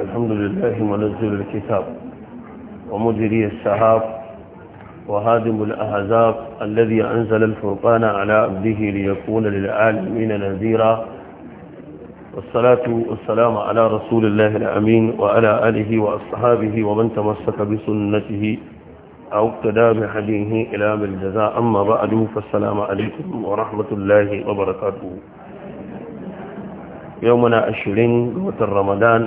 الحمد لله منزل الكتاب ومجري السحاب وهادم الأهزاب الذي أنزل الفرقان على عبده ليكون للعالمين نذيرا والصلاة والسلام على رسول الله الأمين وعلى آله وأصحابه ومن تمسك بسنته أو اقتدى بحديه إلى بالجزاء أما بعد فالسلام عليكم ورحمة الله وبركاته yau muna ashirin ga watan ramadan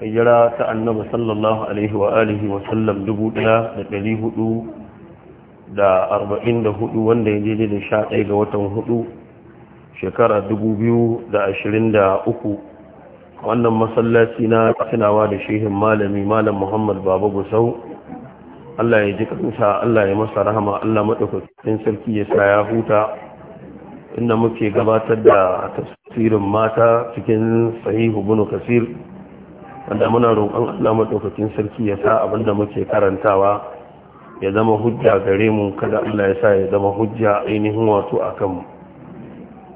hijira ta annaba sallallahu alaihi wa alihi wa sallam dubu ɗaya da dari hudu da arba'in da hudu wanda ya jeje da sha ɗaya ga watan hudu shekara dubu biyu da ashirin da uku wannan masallaci na tunawa da shehin malami malam muhammad baba gusau Allah ya ji kansa Allah ya masa rahama Allah maɗaukakin sarki ya sa ya huta inda muke gabatar da tasirin mata cikin sahihu bunu kasir wanda muna roƙon Allah madaukakin sarki ya sa abinda muke karantawa ya zama hujja gare mu kada Allah ya sa ya zama hujja ainihin wato akan mu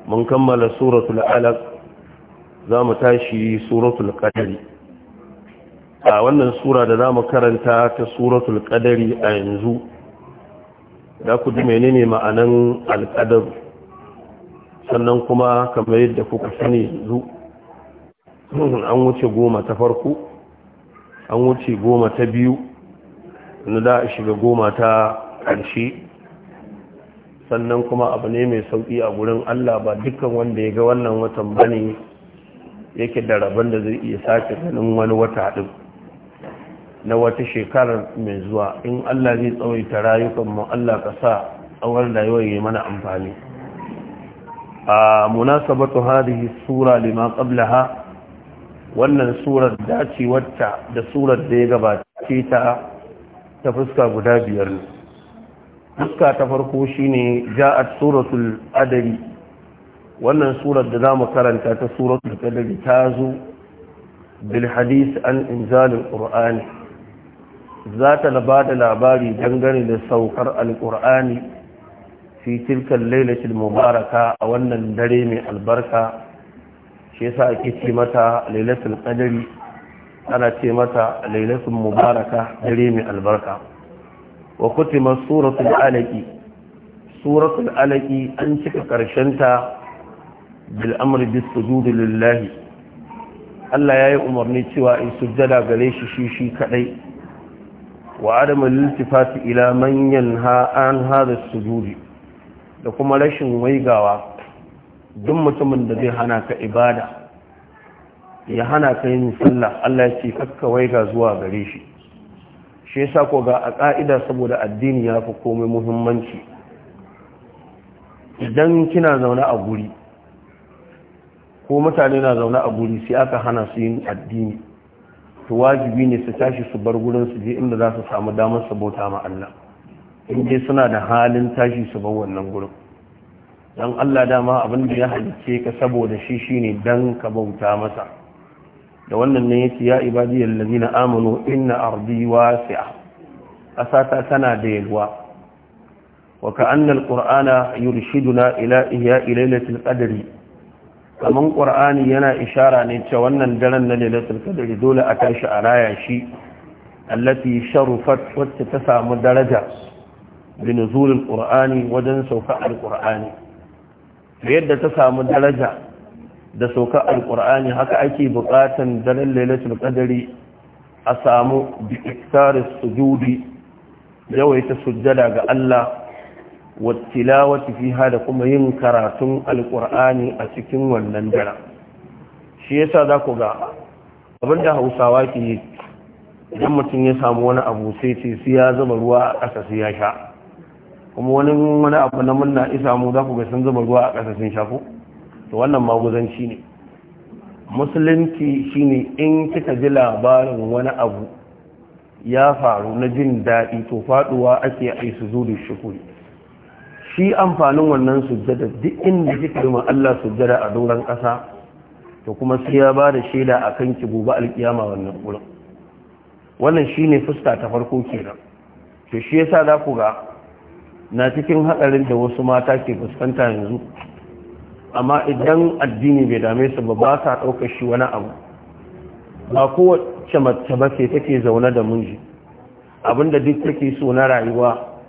mun kammala suratul alaq za mu tashi suratul qadari a wannan sura da za mu karanta ta suratul qadari a yanzu da ku ji menene ma'anan alƙadar? sannan kuma kamar yadda kuka sani yanzu an wuce goma ta farko an wuce goma ta biyu na da shiga goma ta ƙarshe sannan kuma abu ne mai sauƙi a gurin Allah ba dukkan wanda ya ga wannan watan bane yake da rabon da zai iya sake ganin wani wata ɗin na wata shekarar mai zuwa in Allah zai tsawaita rayukan Allah ka sa tsawon rayuwar yi mana amfani munasabatu hadhihi sura lima qablaha wannan surar dace wacce da surar da ya gabace ta ta fuska guda biyar ne fuska ta farko shine ja'at suratul adabi wannan surar da zamu karanta ta suratul adabi ta zo bil hadith an al qur'ani zata ta labada labari dangane da saukar alqur'ani fi tilkan lailatul mubaraka a wannan dare mai albarka shi yasa ake ce mata lailatul Qadari, ana ce mata lailatul mubaraka dare mai albarka wa kutima suratul alaqi suratul alaqi an cika karshen ta bil amri bis sujud lillahi Allah yayi umarni cewa in sujjada gare shi shi shi kadai wa Adamu al ila man yanha an hada sujudi da kuma rashin waigawa duk mutumin da zai hana ka ibada ya hana ka yin sallah Allah ya ce kakka waiga zuwa gare shi shi yasa ko ga a ka'ida saboda addini ya fi komai muhimmanci idan kina zaune a guri ko mutane na zaune a guri sai aka hana su yin addini to wajibi ne su tashi su bar gurin su je inda za su samu damar sabota ma Allah in dai suna da halin tashi su bar wannan gurin dan Allah dama abin da ya halice ka saboda shi shine dan ka bauta masa da wannan ne yace ya ibadiyal ladina amanu inna ardi wasi'a Ƙasata tana da yalwa wa ka'anna alqur'ana yurshiduna ila ihya lailatul qadri kaman ƙur'ani yana ishara ne cewa wannan daren na lailatul qadri dole a tashi a raya shi allati sharufat wacce ta samu daraja bi nuzulul qur'ani wajen sauka alqur'ani yadda ta samu daraja da sauka alqur'ani haka ake buƙatan daren lailatul qadari a samu bi iktaris sujudi yawaita sujjada ga Allah wa tilawati fiha da kuma yin karatun alqur'ani a cikin wannan dara shi yasa za ku ga abinda Hausawa ke idan mutum ya samu wani abu sai ce sai ya zuba ruwa a ƙasa sai ya sha kuma wani wani abu na muna isa mu za ku ga sun zuba ruwa a ƙasa sun shafo to wannan maguzanci ne musulunci shine in kika ji labarin wani abu ya faru na jin daɗi to faɗuwa ake ai su zo da shukuri shi amfanin wannan sujjada duk inda kika yi Allah sujjada a doron ƙasa to kuma sai ya ba da shaida a kan ki gobe alƙiyama wannan wurin. wannan shi ne fuska ta farko kenan to shi yasa za ku ga na cikin haɗarin da wasu mata ke fuskanta yanzu amma idan addini bai dame su ba ba sa ɗaukar shi wani abu ba kowace mace ba ke take zaune da miji abinda duk take so na rayuwa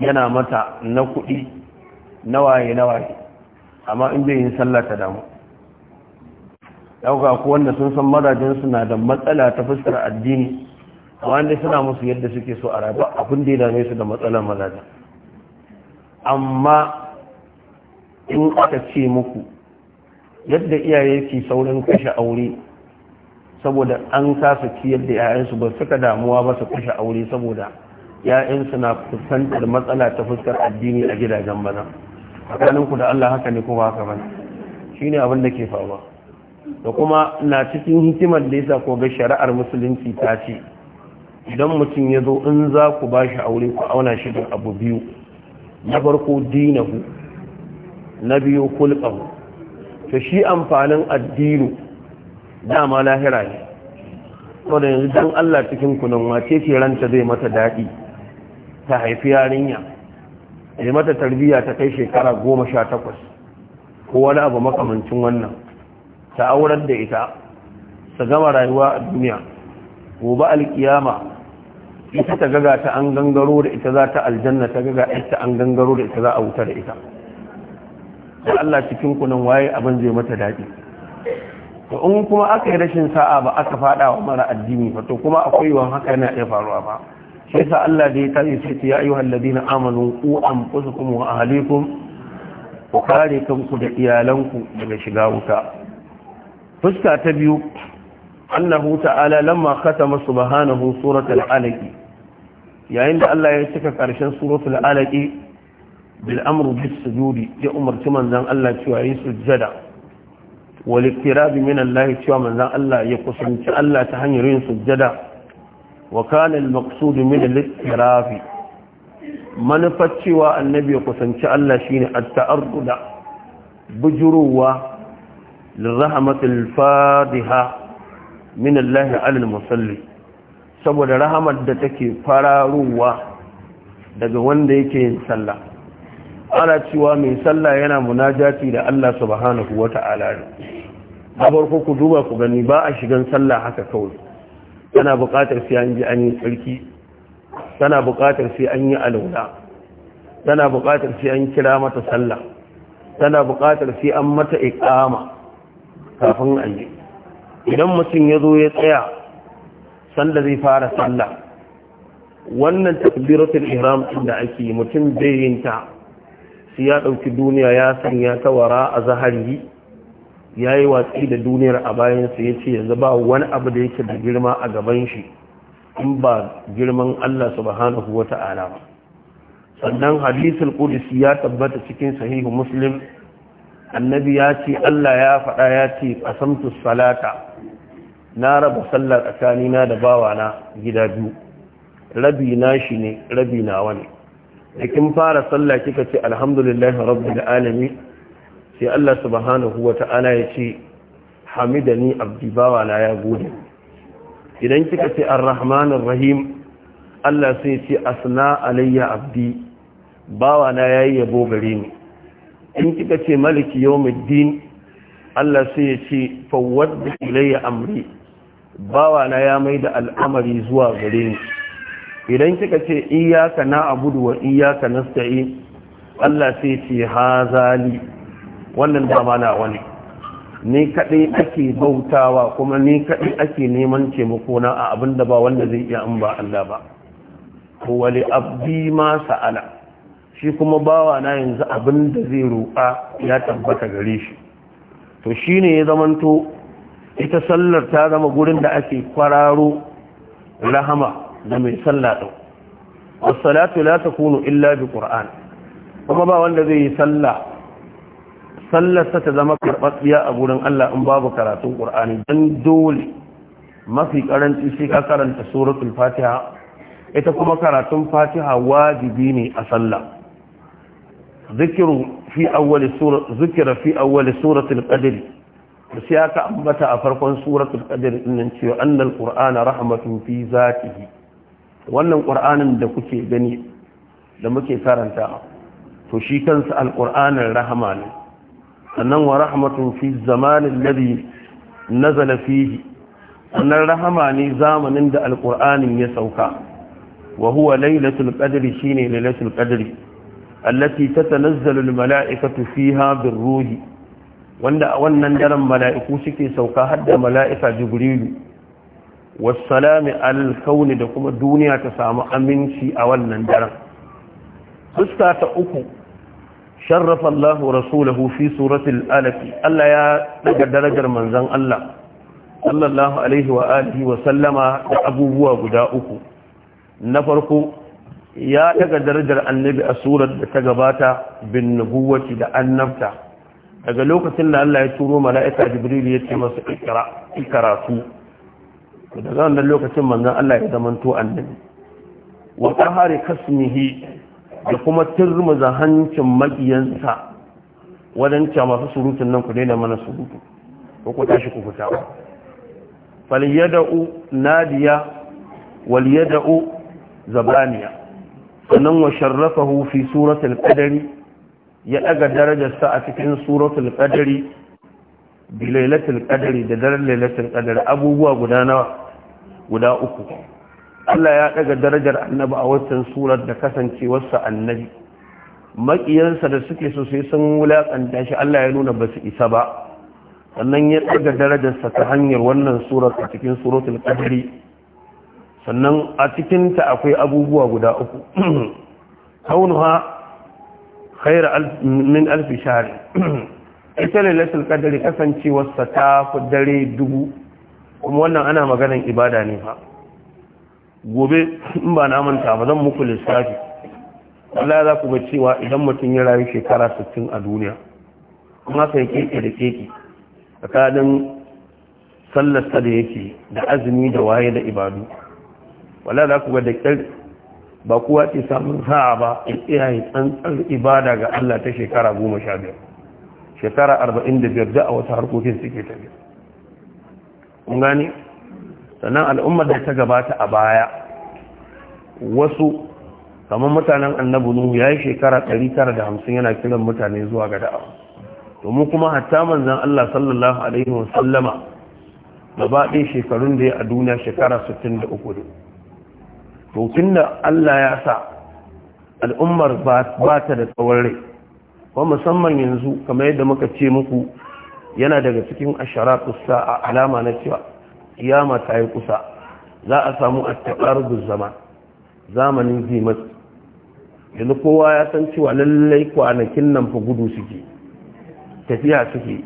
yana mata na kuɗi na waye na waye amma in bai yin sallah ta damu ɗauka ko wanda sun san mazajen suna da matsala ta fuskar addini amma inda suna musu yadda suke so a rayuwa abin da ya dame su da matsalar mazajen amma in aka ce muku yadda iyaye ke saurin kashe aure saboda an kasa ciyar da 'ya'yansu ba suka damuwa ba su kashe aure saboda 'ya'yansu na fuskantar matsala ta fuskar addini a gidajen bana tsakaninku da Allah haka ne kuma haka bane shine abin da ke faruwa da kuma na cikin hikimar da yasa ko ga shari'ar musulunci ta ce idan mutum ya zo in za ku ba shi aure ku auna shi da abu biyu na farko dinahu na biyu kulqahu ta shi amfanin addinu dama lahira ne saboda yanzu don Allah cikin kunan mace ce ranta zai mata daɗi ta haifi yarinya ya mata tarbiyya ta kai shekara goma sha takwas ko wani abu makamancin wannan ta auren da ita ta gama rayuwa a duniya gobe alƙiyama. ita ta gaga ta an gangaro da ita za ta aljanna ta gaga ita an gangaro da ita za a wuta da ita da Allah cikin nan waye abin zai mata daɗi to in kuma aka yi rashin sa'a ba aka fada wa mara addini ba to kuma akwai wani haka yana iya faruwa ba sai sa Allah da ya tare sai ya yi ladina amanu qu kuma wa ahlikum ku kare kanku da iyalanku daga shiga wuta fuska ta biyu annahu ta'ala lamma khatama subhanahu suratul alaki. yayin da Allah ya cika ƙarshen suratul alaƙi bil amru bis sujudi ya umarci manzon Allah cewa yi sujjada wal iktirabi min Allah cewa manzon Allah ya kusanci Allah ta hanyar yin sujjada wa kana al maqsud min al iktirafi manufar cewa annabi ya kusanci Allah shine at ta'arruda bujuruwa lirahmatil fadiha min Allah ala al musalli saboda rahamar da take fararowa daga wanda yake yin sallah ana cewa mai sallah yana munajati da Allah subhanahu wata'ala ne abar ku ku duba ku gani ba a shigan sallah haka kawai tana buƙatar sai an ji an yi tsarki tana buƙatar sai an yi alauna. tana buƙatar sai an kira mata sallah tana buƙatar sai an mata iqama kafin an yi idan mutum ya zo ya tsaya sanda zai fara sallah wannan takbiratul ihram da ake mutum bai yin ta ya dauki duniya ya sanya ta wara a zahari yayi watsi da duniyar a bayan sa yace yanzu ba wani abu da yake da girma a gaban shi in ba girman Allah subhanahu wata'ala ba sannan hadisul qudsi ya tabbata cikin sahihu muslim annabi ya ce Allah ya faɗa ya ce qasamtu salata na raba sallah tsakanina da bawana gida biyu rabi na shi ne rabi na wani da kin fara sallah kika ce alhamdulillahi rabbil alamin sai Allah subhanahu wata'ala ya ce hamidani abdi bawana ya gode idan kika ce arrahmanir rahim Allah sai ce asna alayya abdi bawana yayi yabo gare ni in kika ce maliki yawmiddin Allah sai ya ce fawwad ilayya amri bawana ya mai da al'amari zuwa gare ni idan kika ce iyaka na abudu wa iyaka nasta'in Allah sai ce hazali wannan dama na wani ni kaɗai ake bautawa kuma ni kaɗai ake neman taimako na a abin da ba wanda zai iya an ba Allah ba ko wali abdi ma sa'ala shi kuma bawa na yanzu abin da zai roƙa ya tabbata gare shi to shi ne ya zamanto ita sallar ta zama gurin da ake kwararo rahama da mai sallah ɗau wasalatu la takunu illa bi qur'an kuma ba wanda zai yi sallah sallarsa ta zama karɓaɓɓiya a gurin Allah in babu karatun qur'ani dan dole mafi karanci shi ka karanta suratul fatiha ita kuma karatun fatiha wajibi ne a sallah zikiru fi awwal sura zikira fi suratul qadr da sai aka ambata a farkon suratul qadr dinnan cewa annal qur'ana rahmatun fi zatihi wannan qur'anin da kuke gani da muke karanta to shi kansa alqur'anin rahama ne sannan wa rahmatun fi zamanin ladhi nazala fihi Annan rahama ne zamanin da alqur'anin ya sauka wa huwa lailatul qadri shine lailatul qadri allati tatanazzalu al mala'ikatu fiha birruhi wanda a wannan daren mala'iku suke sauka har da mala'ika jibrilu wasalami alkauni da kuma duniya ta samu aminci a wannan daren fuska ta uku sharrafa Allahu rasulahu fi suratul alafi Allah ya daga darajar manzan Allah sallallahu alaihi wa alihi wa sallama da abubuwa guda uku na farko ya daga darajar annabi a surar da ta gabata bin nubuwati da annabta daga lokacin da Allah ya turo mala'ika jibrilu ya ce masa ikra ikra su daga wannan lokacin manzon Allah ya zamanto annabi wa qahari kasmihi da kuma turmuza hancin makiyansa wadanta masu surutun nan ku daina mana surutu ko ku tashi ku fita falyada'u nadiya walyada'u zabaniya sannan wa sharrafahu fi suratul qadari ya daga darajarsa a cikin suratul qadari bi lailatul qadari da daren lailatul qadari abubuwa guda nawa guda uku Allah ya daga darajar annabi a wancan surar da kasancewarsa annabi makiyansa da suke so sai sun wulaƙanta shi Allah ya nuna ba su isa ba sannan ya daga darajarsa ta hanyar wannan surar a cikin suratul qadri sannan a cikinta akwai abubuwa guda uku kaunuha khairu min alfi shahri ita ne qadri kasancewar sa ta fi dare dubu kuma wannan ana maganan ibada ne fa gobe in ba na manta ba zan muku lissafi wallahi za ku ga cewa idan mutum ya rayu shekara 60 a duniya kuma sai keke da keke tsakanin sallarsa da yake da azumi da waye da ibadu wala za ku ga da ba kowa ce samun sa'a ba in iyaye tsantsar ibada ga Allah ta shekara goma sha biyar shekara arba'in da biyar da a wasu harkokin suke biyar. kun gani sannan al'ummar da ta gabata a baya wasu kamar mutanen annabu nuhu ya yi shekara tara da hamsin yana kiran mutane zuwa ga da'awa domin kuma hatta manzan Allah sallallahu alaihi wasallama gaba ɗaya shekarun da ya a duniya shekara 63 to tunda Allah ya sa al'ummar ba ta da tsawon rai ba musamman yanzu kamar yadda muka ce muku yana daga cikin kusa a alama na cewa kiyama ta yi kusa za a samu a attaqarbu zama zamanin zimat yanzu kowa ya san cewa lallai kwanakin nan fa gudu suke tafiya suke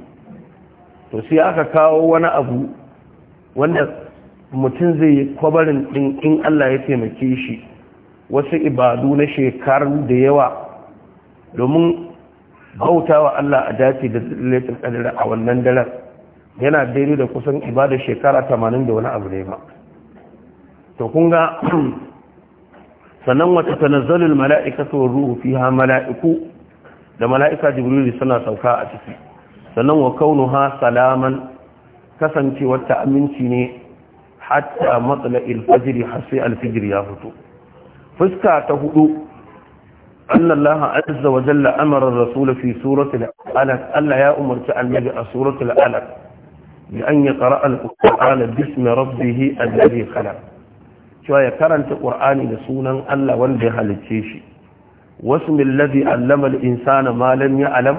to sai aka kawo wani abu wanda mutum zai yi kwabarin ɗin in Allah ya taimake shi wasu ibadu na shekaru da yawa domin bautawa Allah a dace da lailatul ƙadira a wannan daren yana daidai da kusan ibada shekara 80 da wani abu ne ba to kun ga sannan wata tanazzalul mala'ika tsohon ruhu fiha mala'iku da mala'ika jibrilu suna sauka a ciki sannan wa kaunu ha salaman kasancewar ta aminci ne hatta matsala ilfajiri hasi alfijir ya fito fuska ta huɗu. annallaha azza wa jalla amara rasul fi suratul alaq ya umarta annabi a suratul alaq bi an yaqra alquran bismi rabbih alladhi khalaq cewa ya karanta qur'ani da sunan Allah wanda ya halicce shi wasmi alladhi allama alinsana ma ya alam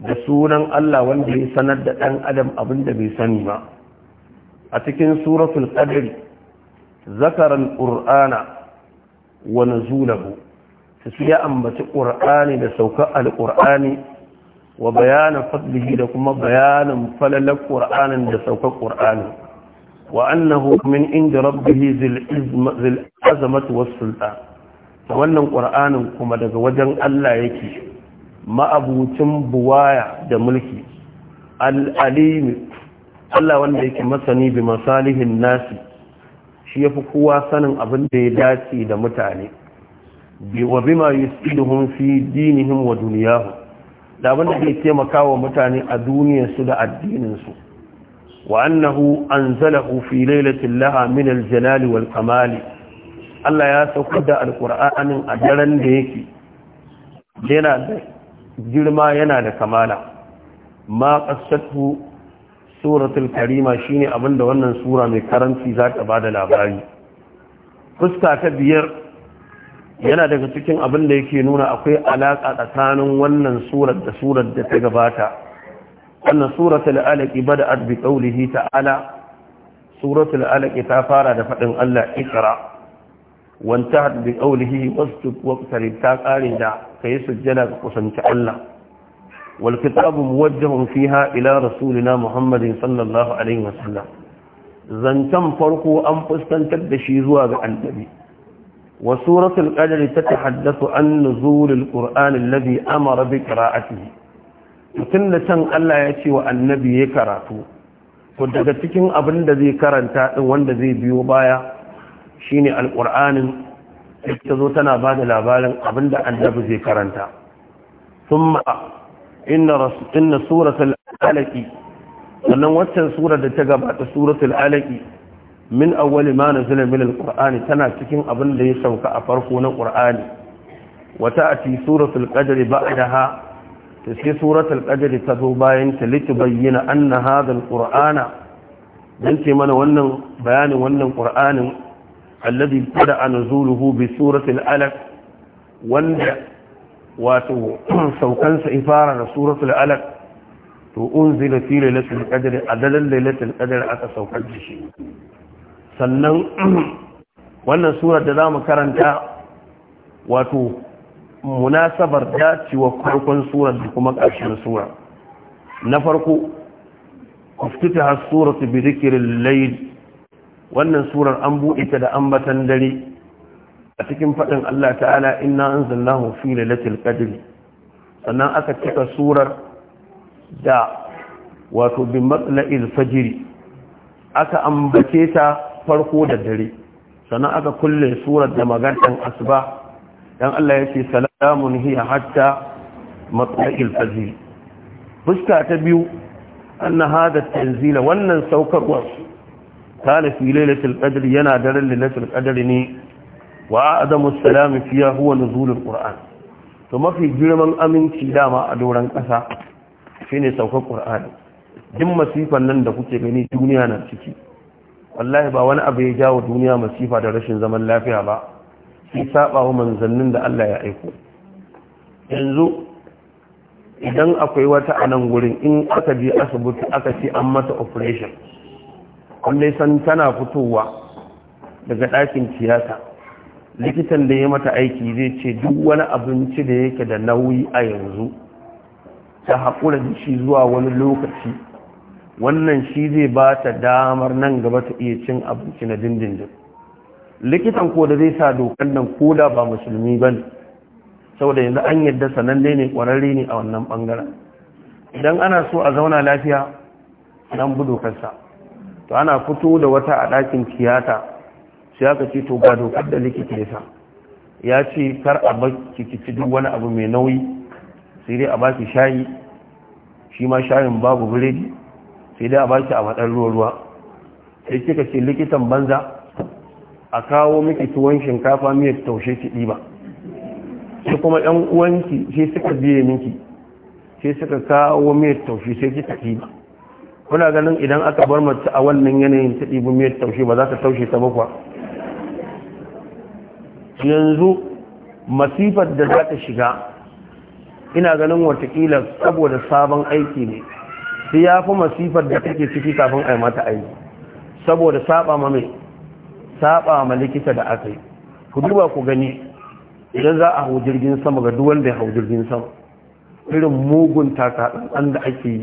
da sunan Allah wanda ya sanar da ɗan adam abinda bai sani ba a cikin suratul qadr al qur'ana wa nuzulahu sai ya ambaci qur'ani da Al-Qur'ani wa bayanin fadlihi da kuma bayanin falalar qur'anin da saukar qur'ani wa annahu min inda rabbihi zil azamati was sultan wannan qur'anin kuma daga wajen Allah yake ma'abucin buwaya da mulki al-alim Allah wanda yake masani bi masalihin nasi shi ya fi kowa sanin abin da ya dace da mutane Bi wa bima yusiduhum fi dinihim wa duniyahum da abin da ke taimakawa mutane a duniyarsu da addininsu wa annahu anzalahu fi lailatin laha min aljalali wal kamali Allah ya sauka da alqur'anin a daren da yake yana da girma yana da kamala ma qassatu suratul karima shine abin da wannan sura mai karanci za ta ba da labari fuska ta biyar yana daga cikin abin da yake nuna akwai alaƙa tsakanin wannan surar da surar da ta gabata wannan suratul alaƙi ba da arbi ta'ala suratul alaƙi ta fara da faɗin allah ikra wanta bi ƙaulihi wasu waqtarib ta ƙarin da ka yi sujjada ga kusanci allah والكتاب موجه فيها إلى رسولنا محمد صلى الله عليه وسلم زنتم فرقوا أنفسا تبشيزوا النبي وسورة القدر تتحدث عن نزول القرآن الذي أمر بقراءته mutum Allah ya ce wa annabi ya karatu to daga cikin abin da zai karanta ɗin wanda zai biyo baya shine alqur'anin ta zo tana ba da labarin abin da annabi zai karanta thumma inna suratul alaki sannan waccan surar da ta gabata suratul alaki min awwali ma nazala min alqur'ani tana cikin abin da ya sauka a farko na qur'ani wata ati suratul qadr ba'daha ta sai suratul qadr ta zo bayan ta litubayyana anna hadha alqur'ana dan ce mana wannan bayanin wannan qur'anin alladhi bada nuzuluhu bi suratul alaq wanda wato saukansa ifara da suratul alaq to unzila fi lailatul qadr adalan lailatul qadr aka saukar da shi sannan wannan surar da zamu karanta wato munasabar dacewa farkon surar da kuma ƙarshen sura na farko kuftita suratu bi dhikri al-layl wannan surar an buɗe ta da ambatan dare a cikin faɗin Allah ta'ala inna anzalnahu fi lailatul qadr sannan aka cika surar da wato bin matsala'il fajiri, aka ambace ta farko da dare sannan aka kulle surar da magantan asuba dan Allah ce, salamun hiya hatta matsala'il fajiri. fuska ta biyu anna hada tanzila wannan saukarwa ta fi lailatul qadr yana daren lailatul qadr ne wa azamu salami fiya huwa nuzulul qur'an to mafi girman aminci dama a doran kasa shine saukar qur'ani Jin masifan nan da kuke gani duniya na ciki wallahi ba wani abu ya jawo duniya masifa da rashin zaman lafiya ba sai saba wa manzannin da Allah ya aiko yanzu idan akwai wata a nan gurin in aka je asibiti aka ce an mata operation wanda san tana fitowa daga ɗakin tiyata likitan da ya mata aiki zai ce duk wani abinci da yake da nauyi a yanzu ta haƙura da shi zuwa wani lokaci wannan shi zai ba ta damar nan gaba ta iya cin abinci na dindindin likitan ko da zai sa dokan nan ko da ba musulmi ba ne saboda yanzu an yadda sananne ne ƙwararre ne a wannan bangaren. idan ana so a zauna lafiya nan bu dokarsa to ana fito da wata a ɗakin tiyata sai aka ce to ga dokar da likita ya sa ya ce kar a bar kikici duk wani abu mai nauyi sai dai a ba ki shayi shi ma shayin babu biredi sai dai a ba ki a matsar ruwa ruwa sai kika ce likitan banza a kawo miki tuwon shinkafa miyar taushe ki ɗiba sai kuma yan uwanki sai suka biye miki sai suka kawo miyar taushe sai kika ɗiba kuna ganin idan aka bar mace a wannan yanayin ta ɗibu mai taushe ba za ta taushe ta bakwa yanzu masifar da za ta shiga ina ganin watakila saboda sabon aiki ne su ya fi masifar da take ciki kafin a yi mata aiki saboda saba ma mai saba ma likita da aka yi ku duba ku gani idan za a hau jirgin sama ga duwan ya hau jirgin sama irin mugun takaɗan da ake yi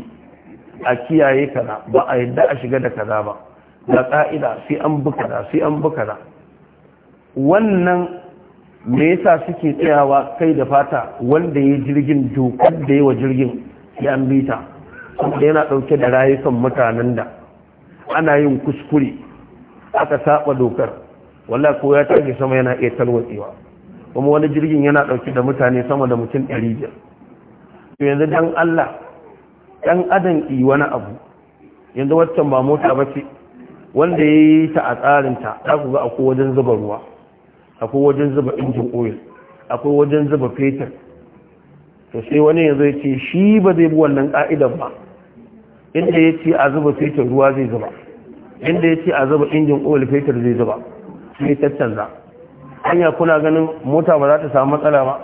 a kiyaye kaza ba a yadda a shiga da kaza ba da ƙa'ida sai an bi kaza sai an bi kaza wannan me yasa suke tsayawa kai da fata wanda ya jirgin dokar da yawa jirgin ya an bi ta saboda yana ɗauke da rayukan mutanen da ana yin kuskure aka saba dokar wallahi ko ya tafi sama yana iya talwatsewa kuma wani jirgin yana ɗauke da mutane sama da mutum ɗari to yanzu dan Allah ɗan adam yi wani abu yanzu waccan ba mota ba ce wanda ya yi ta a tsarinta ta ku ga akwai wajen zuba ruwa akwai wajen zuba injin oil akwai wajen zuba fetur to sai wani yanzu ya ce shi ba zai bi wannan ƙa'idan ba inda ya ce a zuba fetur ruwa zai zuba inda ya ce a zuba injin oil fetur zai zuba sai tattanza hanya kuna ganin mota ba za ta samu matsala ba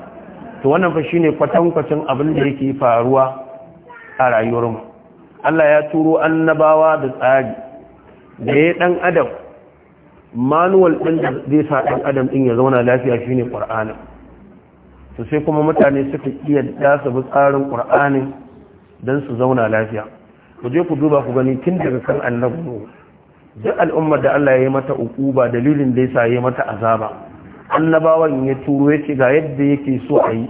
to wannan fa shine kwatankwacin abin da yake faruwa a rayuwarmu Allah ya turo annabawa da tsari da ya dan adam manuwal din da zai sa dan adam din ya zauna lafiya shine qur'ani to sai kuma mutane suka iya da su bi tsarin qur'ani dan su zauna lafiya ku je ku duba ku gani tun daga kan annabi duk al'ummar da Allah ya yi mata ukuba dalilin da yasa ya mata azaba annabawan ya turo ya ga yadda yake so ayi,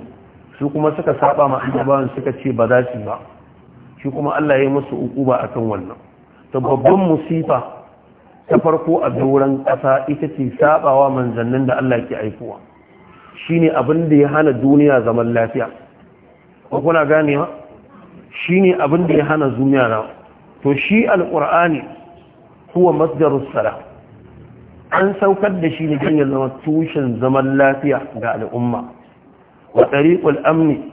su kuma suka saba ma annabawan suka ce ba za su ba shi kuma Allah ya musu ukuba akan wannan to babban musifa ta farko a doron ƙasa ita ce sabawa manzannin da Allah ke aikowa shine abin da ya hana duniya zaman lafiya ko kuna ganewa shine abin da ya hana duniya na to shi alqur'ani huwa masdarus salah an saukar da shi ne don ya tushen zaman lafiya ga al'umma wa ɗariƙul amni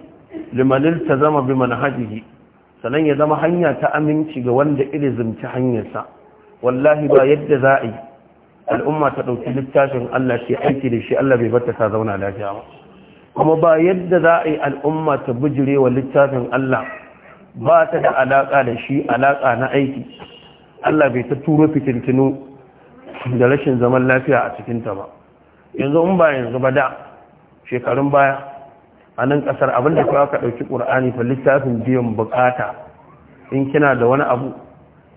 limanin ta zama bi manhajihi Sanan ya zama hanya ta aminci ga wanda iri zumci hanyarsa wallahi ba yadda za a yi al'umma ta ɗauki littafin Allah shi aiki da shi Allah bai bata ta zauna lafiya ba kuma ba yadda za a yi al'umma ta bujire wa littafin Allah ba ta da alaƙa da shi alaƙa na aiki Allah bai ta turo fitintinu da rashin zaman lafiya a cikinta ba yanzu in ba yanzu ba da shekarun baya a nan kasar abinda kuwa ka ɗauki ƙur'ani ta littafin biyan bukata in kina da wani abu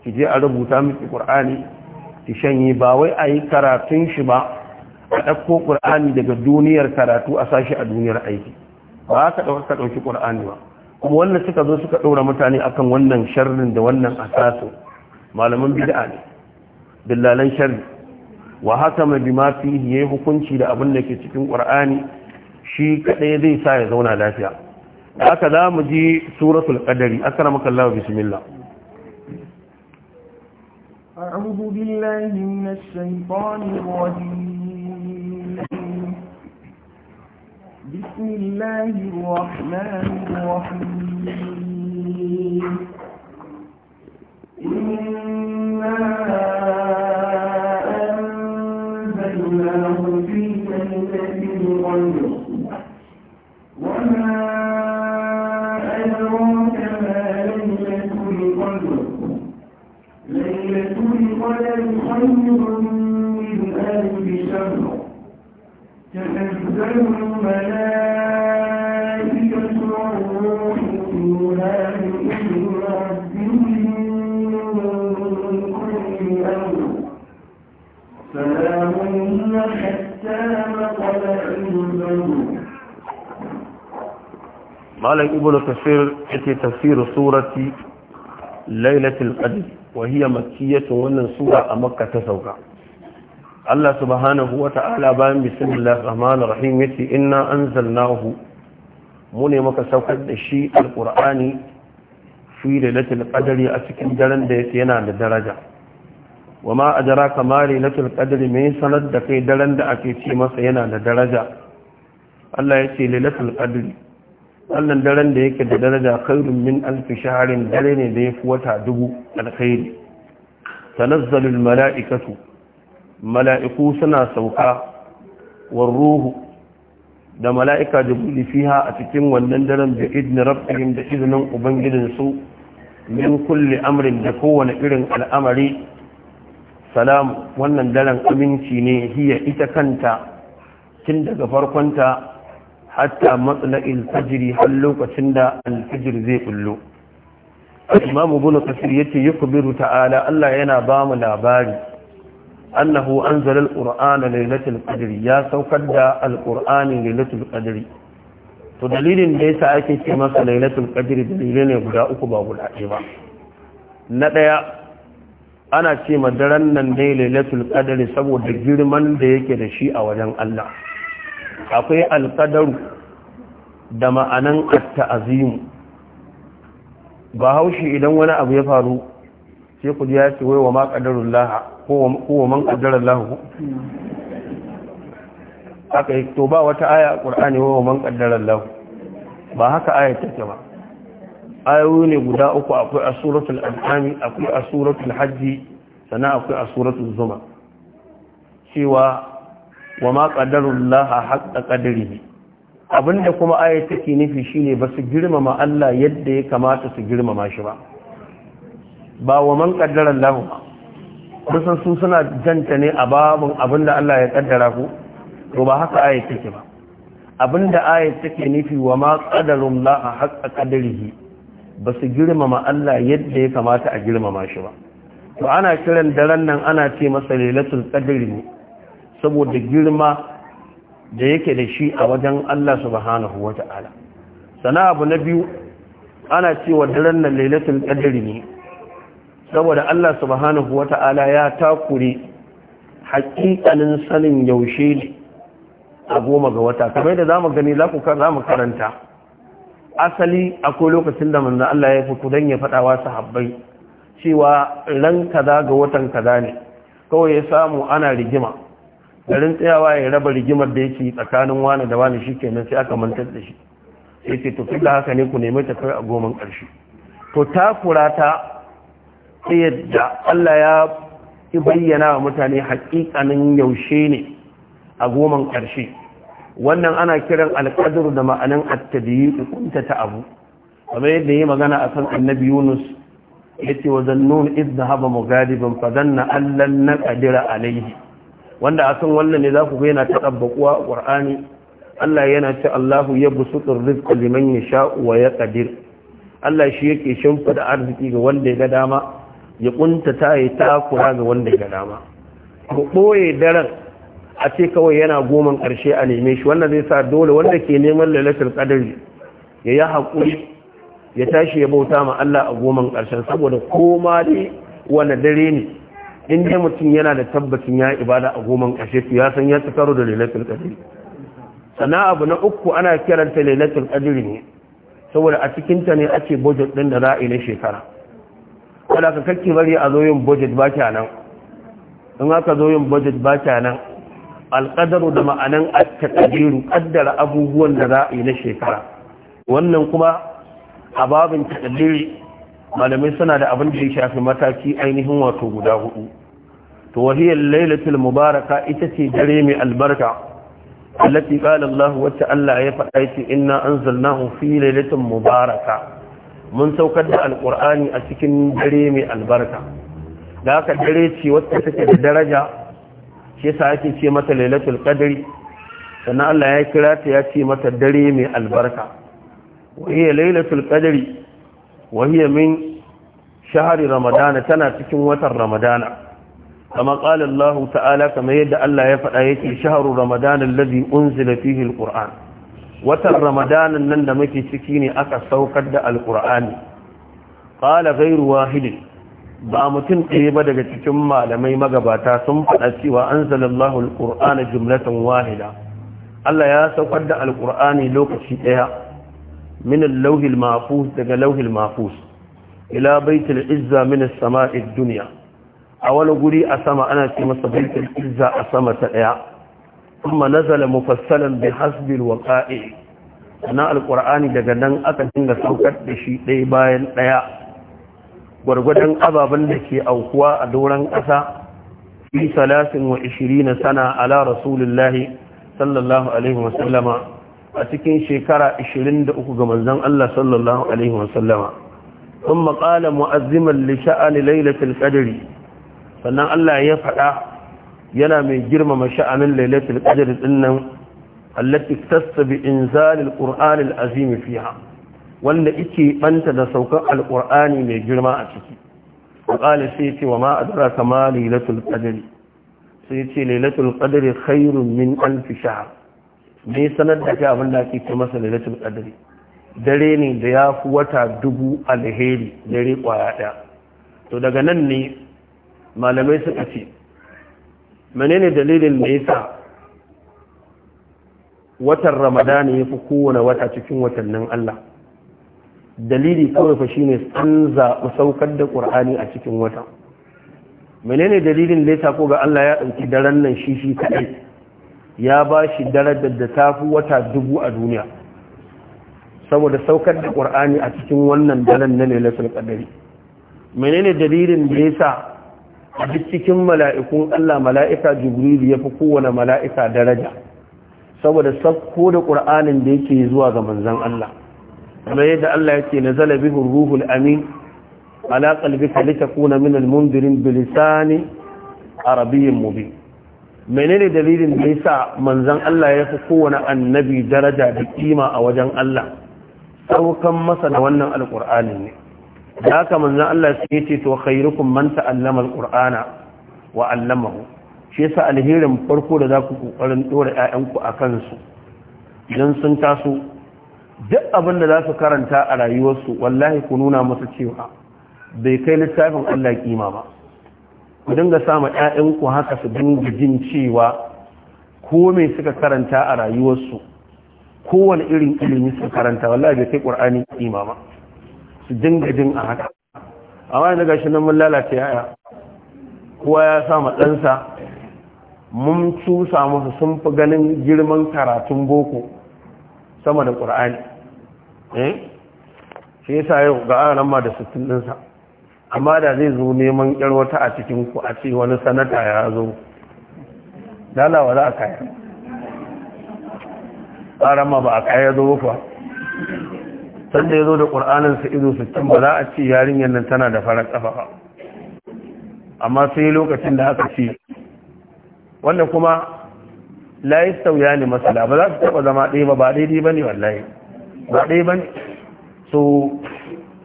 ki je a rubuta miki ƙur'ani ki shanye ba wai a yi karatun shi ba a ɗauko ƙur'ani daga duniyar karatu a sashi a duniyar aiki ba ka ɗauka ɗauki ƙur'ani ba kuma wannan suka zo suka ɗaura mutane akan wannan sharrin da wannan asasin malaman bid'a ne dillalan sharri wa haka mai bima fihi hukunci da abin da ke cikin ƙur'ani shi kadai zai sa ya zauna lafiya aka za mu ji suratul qadari akramaka Allah bismillah أعوذ بالله من الشيطان الرجيم بسم الله الرحمن الرحيم إِنَّا أدراك ما ليلة القدر ليلة القدر خير من ألف شهر تنزل الملائكة والروح فيها بإذن ربهم من كل أمر سلام حتى مطلع الفجر malam ibnu kasir yake tafsir surati lailatul qadr wa hiya wannan sura a makka ta sauka Allah subhanahu wa ta'ala bayan bismillahir rahmanir rahim yace inna anzalnahu nahu. Mune muka saukar da shi alqur'ani fi lailatul qadri a cikin daren da yake yana da daraja wama adraka ma lailatul qadri mai sanar da kai daren da ake ce masa yana da daraja Allah yace lailatul qadri wannan daren da yake da daraja khairun min alfi shaharin dare ne da ya fi wata dubu alkhairi tanazzalul mala'ikatu mala'iku suna sauka war ruhu da mala'ika jibril fiha a cikin wannan daren da idni rabbihim da izinin ubangijin su min kulli amrin da kowane irin al'amari salam wannan daren aminci ne hiya ita kanta tun daga farkonta hatta matsala alfajiri har lokacin da alfajir zai bullo imam bunu kasir yace yukbiru ta'ala Allah yana ba mu labari annahu anzala alqur'ana lailatul qadri ya saukar da alqur'ani lailatul qadri to dalilin da yasa ake ce masa lailatul qadri dalilai ne guda uku ba guda ɗaya ba na ɗaya ana ce madaran daren nan dai lailatul qadri saboda girman da yake da shi a wajen Allah akwai alƙadaru da ma'anan ta'azimu ba haushi idan wani abu ya faru sai ku ya ce wai wa ma ƙadarun laha ko wa man kadarun lahu aka yi to ba wata aya a ƙur'ani wa man ƙadarun lahu ba haka aya take ba ayoyi ne guda uku akwai a suratul al'ami akwai a suratul hajji sannan akwai a suratul zuma cewa wa ma qadarullaha haqqa qadrihi abinda kuma ayat take nufi shine ba su girmama Allah yadda ya kamata su girmama shi ba ba wa man qaddarallahu ba kusan su suna janta ne a babun abinda Allah ya kaddara ku to ba haka ayat take ba abinda ayat take nufi wa ma qadarullaha haqqa qadrihi ba su girmama Allah yadda ya kamata a girmama shi ba to ana kiran daren nan ana ce masa lailatul qadri ne saboda girma da yake da shi a wajen Allah subhanahu wa ta'ala sana abu na biyu ana cewa daren nan lailatul qadri ne saboda Allah subhanahu wa ta'ala ya takure haƙiƙanin sanin yaushe ne a goma ga wata kamar da zamu gani za ku mu karanta asali akwai lokacin da manzo Allah ya fito dan ya faɗawa wa sahabbai cewa ran kaza ga watan kaza ne kawai ya samu ana rigima garin tsayawa ya raba rigimar da yake tsakanin wani da wani shi kenan sai aka mantar da shi sai ce tafi da haka ne ku nemi tafiyar a goman ƙarshe to takura ta ta yadda Allah ya bayyana wa mutane haƙiƙanin yaushe ne a goman ƙarshe wannan ana kiran alƙadar da ma'anin attadiyi kunta ta abu kamar yadda yi magana a kan annabi yunus ya ce wa zannun iz haba mugadiban fa allan na alaihi wanda akan wannan ne za ku ga yana ta tabbakuwa qur'ani Allah yana ce Allahu ya yabsutur rizqa liman yasha wa yaqdir Allah shi yake shimfida arziki ga wanda ya ga dama ya ta ya takura ga wanda ya ga dama ku boye daren a ce kawai yana goman karshe a neme shi wannan zai sa dole wanda ke neman lailatul qadri ya yi hakuri ya tashi ya bauta ma Allah a goman karshen saboda koma dai wani dare ne in dai mutum yana da tabbacin ya ibada a goman ƙashe ya san ya ci karo da lailatul qadr sannan abu na uku ana kiranta lailatul qadr ne saboda a cikin ta ne ake budget din da za na shekara kada ka kake bari a zo yin budget ba kya nan in aka zo yin budget ba kya nan alƙadaru da ma'anan at-taqdiru qaddara abubuwan da za na shekara wannan kuma a babin taqdiri malamai suna da abin da ya shafi mataki ainihin wato guda hudu to wahiyar lailatul mubaraka ita ce dare mai albarka allati qala Allah wacce Allah ya faɗa yace inna anzalnahu fi lailatin mubaraka mun saukar da alqur'ani a cikin dare mai albarka da haka dare ce wacce take da daraja shi yasa ake ce mata lailatul qadri Allah ya kira ta ya ce mata dare mai albarka wahiyar lailatul qadri wahiyar min shahari ramadana tana cikin watan ramadana kama qala Allah ta'ala kama yadda Allah ya faɗa yake shahru ramadan allazi unzila fihi alquran watan ramadan nan da muke ciki ne aka saukar da alqur'ani Ƙala gairu wahid ba mutum ɗaya ba daga cikin malamai magabata sun faɗa cewa anzalallahu alqur'ana jumlatan wahida Allah ya saukar da alqur'ani lokaci ɗaya من lauhi المعفوس daga lauhin mafus. Ila بيت العزة من السماء duniya. a wani guri a sama ana ce masa baitul izza a sama ta daya kuma nazala mufassalan bi hasbil waqa'i na alqur'ani daga nan aka dinga saukar da shi ɗaya bayan ɗaya gwargwadon ababan da ke aukuwa a doron ƙasa fi salasin wa ishirina sana ala rasulullahi sallallahu alaihi wasallama a cikin shekara 23 ga manzon Allah sallallahu alaihi wasallama ثم قال مؤذما لشأن ليلة القدر sannan Allah ya faɗa yana mai girmama sha'anin lailatul ɗinnan din nan allati tasabi inzalil qur'anil azim fiha wanda ike banta da saukar alqur'ani mai girma a ciki qala sai ce wa ma ma lailatul qadr sai ce lailatul qadr khairun min ɗan shahr me sanar da ka abin da ake ce masa lailatul dare ne da ya fi wata dubu alheri dare kwaya ɗaya. to daga nan ne malamai suka ce menene dalilin da yasa watan ramadani ya fi kowane wata cikin watannin Allah dalili kawai fa shine an zaɓi saukar da ƙur'ani a cikin wata menene dalilin da yasa ko ga Allah ya ɗauki daren nan shi shi kaɗai ya ba shi darajar da ta fi wata dubu a duniya saboda saukar da ƙur'ani a cikin wannan daren na lailatul qadari menene dalilin da yasa a duk cikin mala'ikun Allah mala'ika jibril ya fi kowane mala'ika daraja saboda sakko da ƙur'anin da yake zuwa ga manzan Allah kamar yadda Allah yake na zalabi ruhul amin ala qalbika litakuna min al-mundirin bilisani arabiyyin mubin menene dalilin da ya sa manzan Allah ya fi kowane annabi daraja da kima a wajen Allah saukan masa da wannan alƙur'anin ne da haka manzon Allah su ya ce to khairukum man ta'allama alqur'ana wa 'allamahu shi yasa alherin farko da za ku kokarin ɗora yayanku a kansu don sun taso duk abin da za su karanta a rayuwarsu wallahi ku nuna musu cewa bai kai littafin Allah kima ba ku dinga sama ƴaƴanku haka su dinga jin cewa ko me suka karanta a rayuwarsu kowane irin ilimi suka karanta wallahi bai kai Qur'ani kima ba su dinga jin a haka a wani gashi nan mun lalace yaya kowa ya sa ɗansa mun cusa musu sun fi ganin girman karatun boko sama da ƙur'ani eh? shi yasa yau ga aran ma da sittin ɗinsa amma da zai zo neman ƙyar wata a cikin ku a ce wani sanata ya zo lalawa za a kaya ƙaran ma ba a kaya zo ba sanda ya zo da ƙur'anin sa ido cin ba za a ce yarinyar nan tana da farar ƙafa ba amma sai lokacin da aka ce wanda kuma la sauya ne masala ba za su taɓa zama ɗaya ba ba daidai ba ne wallahi ba ɗaya ba ne so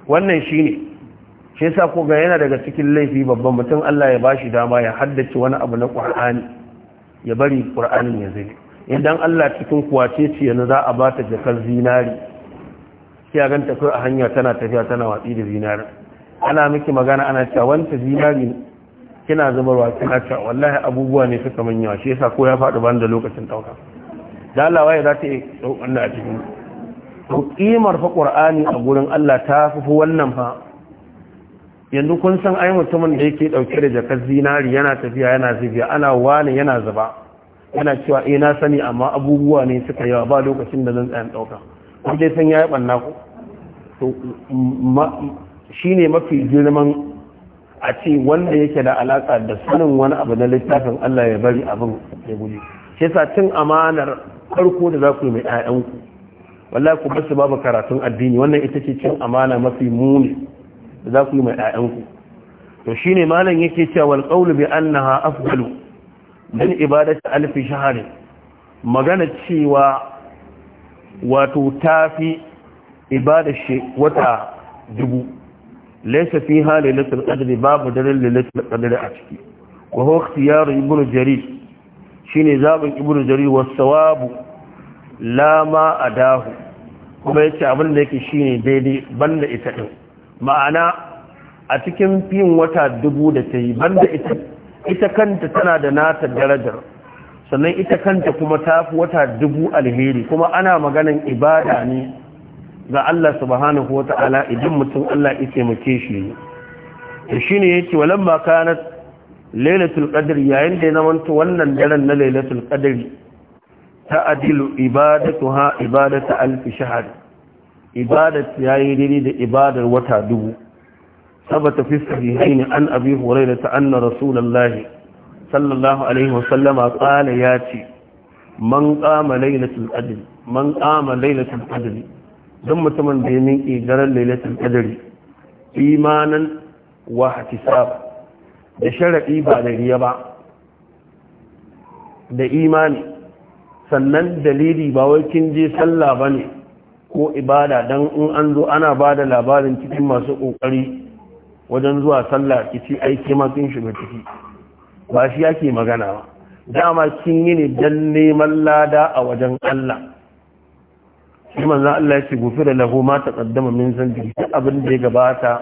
wannan shi ne shi yasa ko ga yana daga cikin laifi babban mutum Allah ya bashi dama ya haddace wani abu na Qur'ani ya bari Qur'anin ya zai idan Allah cikin kuwace ce yana za a ba ta jakar zinari sai a ganta kai a hanya tana tafiya tana watsi da zinari ana miki magana ana cewa wanta zinari kina zubarwa kina cewa wallahi abubuwa ne suka manya shi yasa ko ya faɗi ban da lokacin ɗauka da Allah waye za ta yi tsokon a cikin to kimar fa qur'ani a gurin Allah ta fi wannan fa yanzu kun san ai mutumin da yake dauke da jakar zinari yana tafiya yana zubiya ana wani yana zuba yana cewa eh na sani amma abubuwa ne suka yawa ba lokacin da zan tsaya dauka ku dai san yi ɓanna ku to shine mafi girman a ce wanda yake da alaka da sanin wani abu na littafin Allah ya bari abin ya guji. shi sa cin amanar farko da za ku yi mai ƴaƴan ku wallahi ku basu babu karatun addini wannan ita ce cin amana mafi muni da za ku yi mai ƴaƴan ku to shine malam yake cewa wal qawlu bi annaha afdalu min ibadati alfi shahr magana cewa wato fi ibadar shi wata dubu laisa fi halilatul qadri babu dalil lilatul qadri a ciki wa huwa ikhtiyar ibn jarir shine zabin ibn jarir wa sawabu la ma adahu kuma yace abin da yake shine daidai banda ita din ma'ana a cikin fim wata dubu da ta yi banda ita ita kanta tana da nata darajar sannan ita kanta kuma ta fi wata dubu alheri kuma ana maganin ibada ne ga Allah subhanahu wa ta'ala idan mutum Allah ya taimake shi ne shi ne yake walan ma kana lailatul qadr yayin da na manta wannan daren na lailatul qadr ta adilu ibadatuha ibadatu alf shahr ibadat yayi dai da ibadar wata dubu sabata fi sahihaini an abi hurairah anna rasulullahi sallallahu alaihi wasallama qala ya ce man qama lailatul qadr man qama lailatul qadr dan mutumin da ya miƙe garan lailatul qadr imanan wa ihtisab da sharadi ba da riya ba da imani sannan dalili ba wai kin je sallah bane ko ibada dan in an zo ana bada labarin cikin masu kokari wajen zuwa sallah kici aiki ma kin shiga ciki ba shi yake magana ba dama kin yi ne dan neman lada a wajen Allah shi manzan Allah ya ce gufi da lahu ma ta kaddama min san duk abin da ya gabata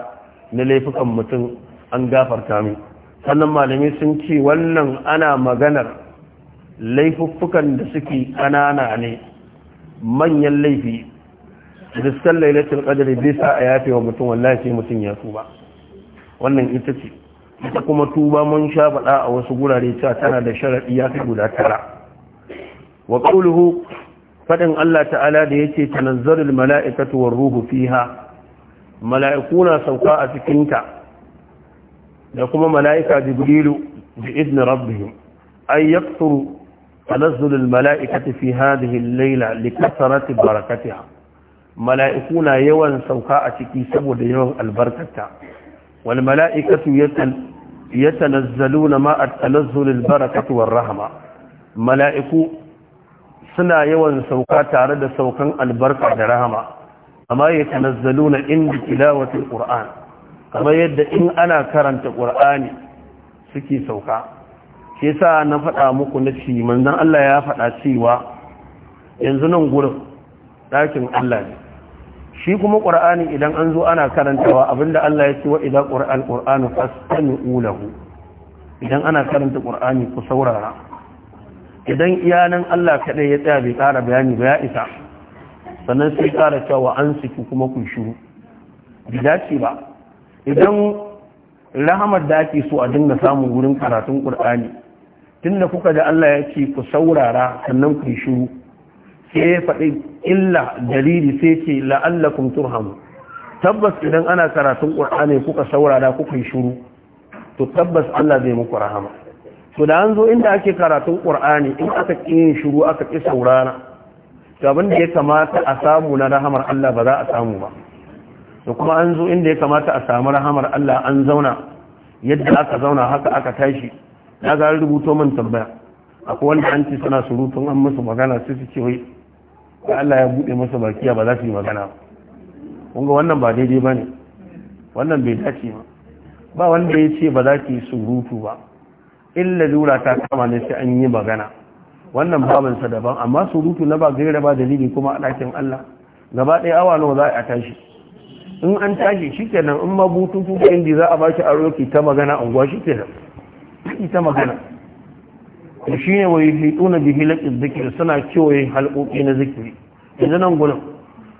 na laifukan mutum an gafarta min sannan malamai sun ce wannan ana maganar laifuffukan da suke ƙanana ne manyan laifi riskan lailatul qadri bisa a yafe wa mutum wallahi sai mutum ya tuba wannan ita ce ita kuma tuba mun sha faɗa a wasu gurare cewa tana da sharaɗi ya fi guda tara wa qawluhu fadin Allah ta'ala da yace tanazzalul mala'ikatu war ruhu fiha mala'iku na sauka a cikin ta da kuma mala'ika jibrilu bi idni rabbihim ay yaqturu تنزل الملائكة في هذه الليلة لكثرة بركتها yawan sauka a ciki saboda yawan albarkata. wal mala'ikatu ya ma at-tanazzulil barakatu war rahma mala'iku suna yawan sauka tare da saukan albarka da rahama amma yatanazzaluna inda tilawatil qur'an kamar yadda in ana karanta qur'ani suke sauka Ke sa na faɗa muku na ci manzon Allah ya faɗa cewa yanzu nan gurin ɗakin Allah ne shi kuma ƙur'ani idan an zo ana karantawa abinda Allah ya ce wa idan ƙur'an ƙur'anu fastami'u idan ana karanta ƙur'ani ku saurara idan iyanan Allah kaɗai ya tsaya bai ƙara bayani ba ya isa sannan sai ƙara cewa an siki kuma ku shiru bai dace ba idan rahamar da ake so a dinga samun wurin karatun ƙur'ani tunda kuka da Allah ya ce ku saurara sannan ku shiru ke faɗi illa dalili sai ce la'allakum turhamu tabbas idan ana karatun qur'ani kuka saurara kuka yi shiru to tabbas Allah zai muku rahama to da an zo inda ake karatun qur'ani in aka ƙi yin shiru aka ƙi saurana to abin da ya kamata a samu na rahamar Allah ba za a samu ba to kuma an zo inda ya kamata a samu rahamar Allah an zauna yadda aka zauna haka aka tashi na ga rubuto man tambaya akwai wanda an ce suna surutun an musu magana sai su ce wai da Allah ya buɗe masa bakiya ba za su yi magana kun ga wannan ba daidai ba ne wannan bai dace ba ba wanda ya ce ba za ki yi surutu ba illa lura ta kama ne sai an yi magana wannan babansa daban amma surutu na ba gaira ba dalili kuma a ɗakin Allah gaba ɗaya awa nawa za a tashi in an tashi shikenan in ma bututun indi za a bashi a roki ta magana unguwa shikenan ki ta magana to shi ne wai hiduna bi hilakin zikir suna kewaye halƙoƙi na zikiri yanzu nan gudun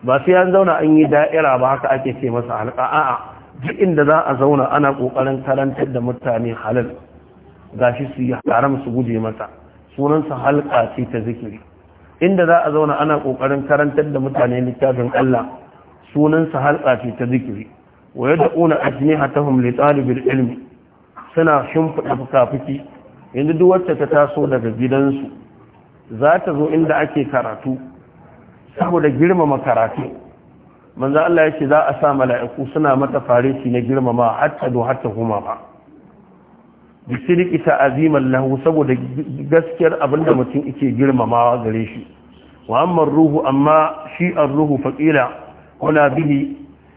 ba sai an zauna an yi da'ira ba haka ake ce masa halƙa a'a duk inda za a zauna ana ƙoƙarin karantar da mutane halal gashi su yi haram su guje masa sunansa halƙa ce ta zikiri inda za a zauna ana ƙoƙarin karantar da mutane littafin Allah sunansa halƙa ce ta zikiri wa yadda una ajnihatahum li talibil ilmi suna shimfiɗa fukafuki yanzu duk wacce ta taso daga gidansu za ta zo inda ake karatu saboda girmama karatu manzo Allah ya ce za a sa mala'iku suna mata farisi na girmama hatta do hatta kuma ba bisiriki ta aziman lahu saboda gaskiyar abinda mutum yake girmamawa gare shi wa amma ruhu amma shi ruhu faqila huna bihi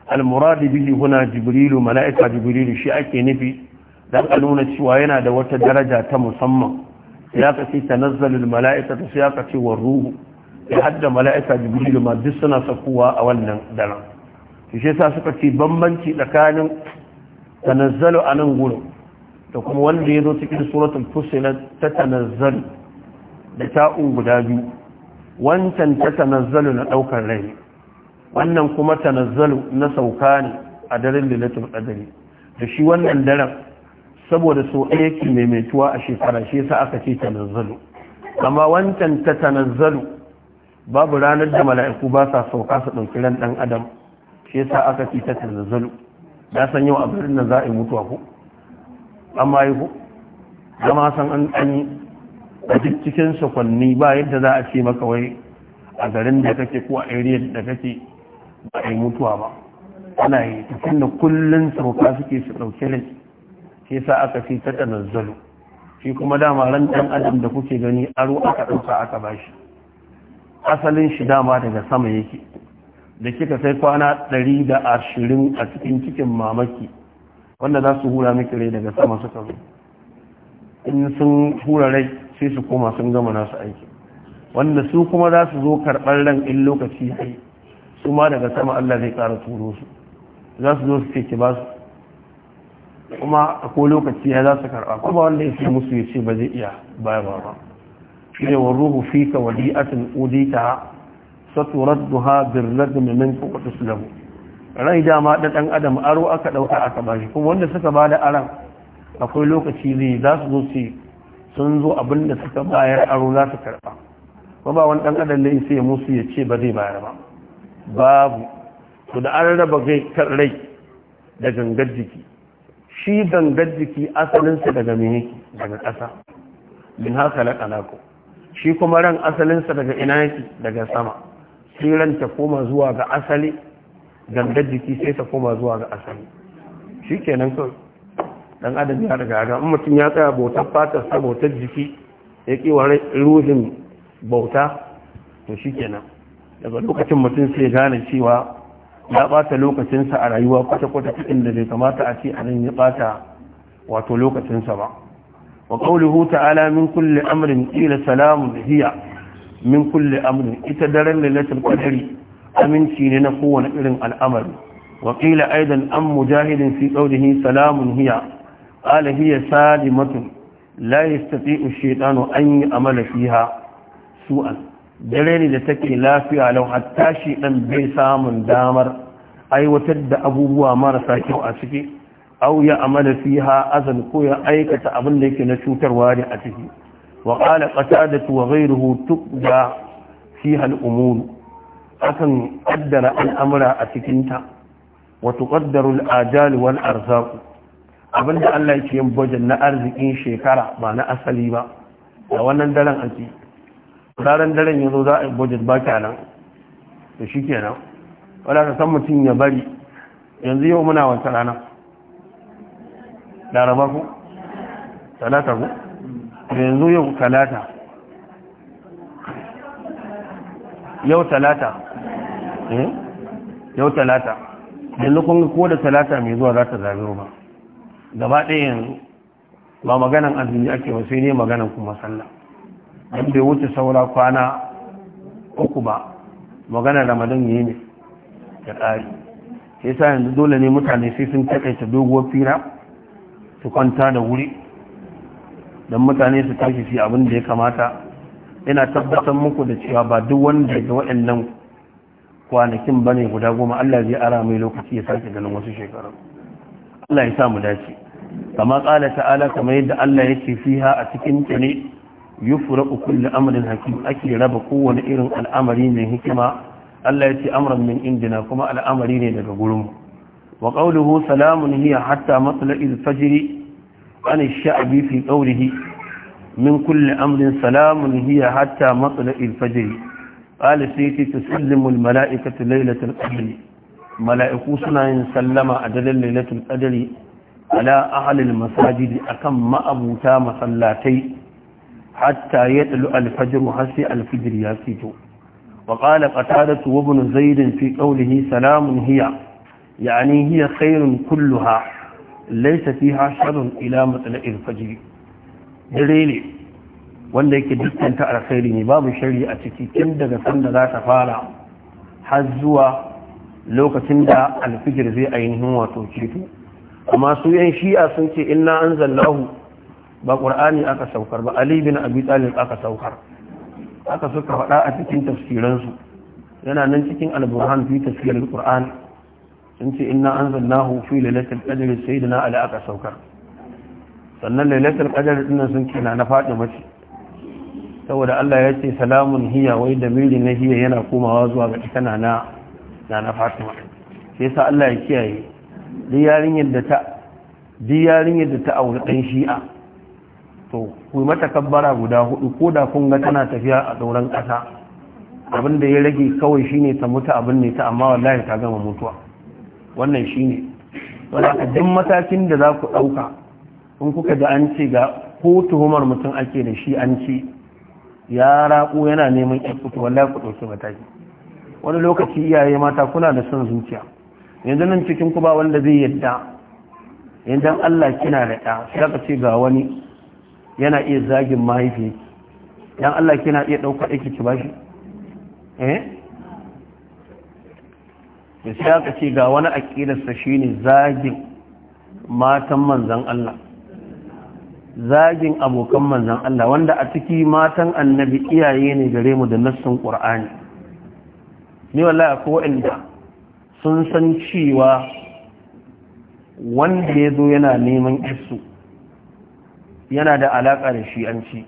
al murad bihi huna jibrilu mala'ika jibrilu shi ake nufi dan a nuna cewa yana da wata daraja ta musamman ya ka ce tanazzalul mala'ika ta ya ka ce wa ruhu ya hadda mala'ika jibrilu ma duk suna sakuwa a wannan daren shi shi sa suka ce bambanci tsakanin tanazzalu a nan gudu da kuma wanda ya zo cikin suratul fusilat ta tanazzalu da ta'un guda biyu wancan ta tanazzalu na daukar rai wannan kuma tanazzalu na sauka ne a daren lailatul qadri da shi wannan daren saboda so ɗaya ke maimaituwa a shekara shi yasa aka ce tanazzalu amma wancan ta tanazzalu babu ranar da mala'iku ba sa sauka su ɗauki ran ɗan adam shi yasa aka ce ta tanazzalu na san yau a garin nan za a yi mutuwa ko amma yi ko zama san an an yi a duk cikin sakonni ba yadda za a ce maka wai a garin da kake ko a area da kake ba a yi mutuwa ba ana yi tun da kullun sauka suke su ɗauki rai ke sa aka ce ta tanazzalu shi kuma dama ran dan adam da kuke gani aro aka dauka aka bashi asalin shi dama daga sama yake da kika sai kwana 120 a cikin cikin mamaki wanda za su hura miki rai daga sama suka zo in sun hura rai sai su koma sun gama nasu aiki wanda su kuma za su zo karɓar ran in lokaci sai su ma daga sama Allah zai ƙara turo su za su zo su ce ki ba su kuma a ko lokaci ya za su karɓa kuma wanda yake musu ya ce ba zai iya baya ba ba ne wa ruhu rai dama da dan adam aro aka ɗauka aka kuma wanda suka bada aran akwai lokaci ne za su zo su sun zo abinda suka bayar aro za su ba wani ɗan adam ne sai musu ya ce ba zai bayar ba babu to da an raba gai kan rai da gangar jiki shi gangar jiki asalinsa daga mai yake daga ƙasa min haka laƙalaku shi kuma ran asalinsa daga ina yake daga sama shi ran ta koma zuwa ga asali gangar jiki sai ta koma zuwa ga asali shi kenan kawai dan adam ya daga ga in mutum ya tsaya bautar fatar sa bautar jiki ya ƙi wa ruhin bauta to shi kenan daga lokacin mutum sai gane cewa ya ɓata lokacinsa a rayuwa kwata-kwata cikin da bai kamata a ce a nan ya ɓata wato lokacinsa ba wa qawluhu ta'ala min kulli amrin qila salamun hiya min kulle amrin ita daren lailatul qadri aminci ne na kowane irin al'amari wa qila aidan am mujahidin fi qawlihi salamun hiya qala hiya salimatun la yastati'u shaytanu an amala fiha su'an dare ne da take lafiya lau hatta shi dan bai samun damar aiwatar da abubuwa marasa kyau a ciki au ya amala fiha azan ko ya aikata abin da yake na cutarwa ne a ciki wa da qatadatu wa ghayruhu tuqda fiha al-umur akan ƙaddara al'amura amra a cikin ta wa tuqaddaru al-ajal wal arzaq Allah yake yin na arzikin shekara ba na asali ba da wannan daren ake ranar daren yanzu za a yi budget ba kenan da shi kenan wadda ta san mutum ya bari yanzu yau muna wata rana laraba ku talata ku yanzu yau talata yau talata eh? yau talata yanzu kun ko da talata mai zuwa za ta zabi ba gaba ɗaya yanzu ba maganan azumi ake wasu ne maganan kuma sallah don bai wuce saura kwana uku ba magana ramadan yi ne ya ƙari sai sa yanzu dole ne mutane sai sun takaita doguwar fira su kwanta da wuri don mutane su tashi fi abin da ya kamata ina tabbatar muku da cewa ba duk wanda ga waɗannan kwanakin ba ne guda goma Allah zai ara mai lokaci ya sake ganin wasu shekaru Allah ya sa mu dace kama ƙala ta'ala kamar yadda Allah yake fiha a cikin ta ne yufra kullu amrin hakim ake raba kowane irin al'amari mai hikima Allah ya ce amran min indina kuma al'amari ne daga gurin mu wa qawluhu salamun hiya hatta matla'il fajr an ash-sha'bi fi qawlihi min kulli amrin salamun hiya hatta matla'il fajr qala sayyidi tusallimu al-mala'ikatu laylatal qadr mala'iku suna yin sallama a dalil lailatul qadri ala ahli al-masajid akan ma'abuta masallatai hatta ya ɗalu alfajiru har sai alfijir ya fito wa ƙala da su bin zaidin fi ƙaunihi salamun hiya yani hiya khairun kulluha laisa fi hasharun ila matsala'ir fajiri dare ne wanda yake dukkanta alkhairi ne babu shari a ciki tun daga da za ta fara har zuwa lokacin da alfijir zai ainihin wato ceto amma su yan shi'a sun ce inna anzallahu ba ƙur'ani aka saukar ba ali bin abi talib aka saukar aka suka faɗa a cikin tafsiransu yana nan cikin al ƙur'ani fi tafsir al-qur'an sun ce inna anzalnahu fi lailatul qadr sayyidina ali aka saukar sannan lailatul qadr din sun kina na faɗi mace saboda Allah ya ce salamun hiya wai da miri na hiya yana komawa zuwa ga ita na na na Fatima sai yasa Allah ya kiyaye duk yarinyar da ta duk yarinyar da ta shi'a to ku mata kabbara guda hudu ko da kun ga tana tafiya a doron ƙasa abin da ya rage kawai shine ta mutu abin ne ta amma wallahi ta gama mutuwa wannan shine wanda ka duk matakin da za ku ɗauka in kuka ji an ce ga ko tuhumar mutum ake da shi an ce ya raƙo yana neman ƴan fito wallahi ku ɗauki mataki wani lokaci iyaye mata kuna da son zuciya yanzu nan cikin ku ba wanda zai yadda yanzu Allah kina da ɗa sai ka ce ga wani yana iya zagin mahaifi yan Allah kina iya ɗauka aiki ki bashi eh da sai aka ce ga wani aƙidarsa shine zagin matan manzan Allah zagin abokan manzan Allah wanda a ciki matan annabi iyaye ne gare mu da nassin ƙur'ani ni wallahi ko inda sun san cewa wanda ya zo yana neman isu yana da alaƙa da shi'anci